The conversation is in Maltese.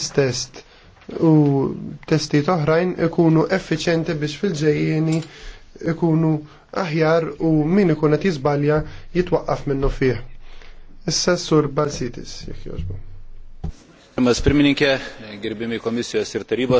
stest u testi toħrajn ikunu effiċenti biex fil-ġejjeni ikunu aħjar u min ikun qed jiżbalja jitwaqqaf minnu fih. Issa sur Balsitis, jekk jogħġbu. Mas pirmininkė, eh, gerbimi komisijos ir tarybos.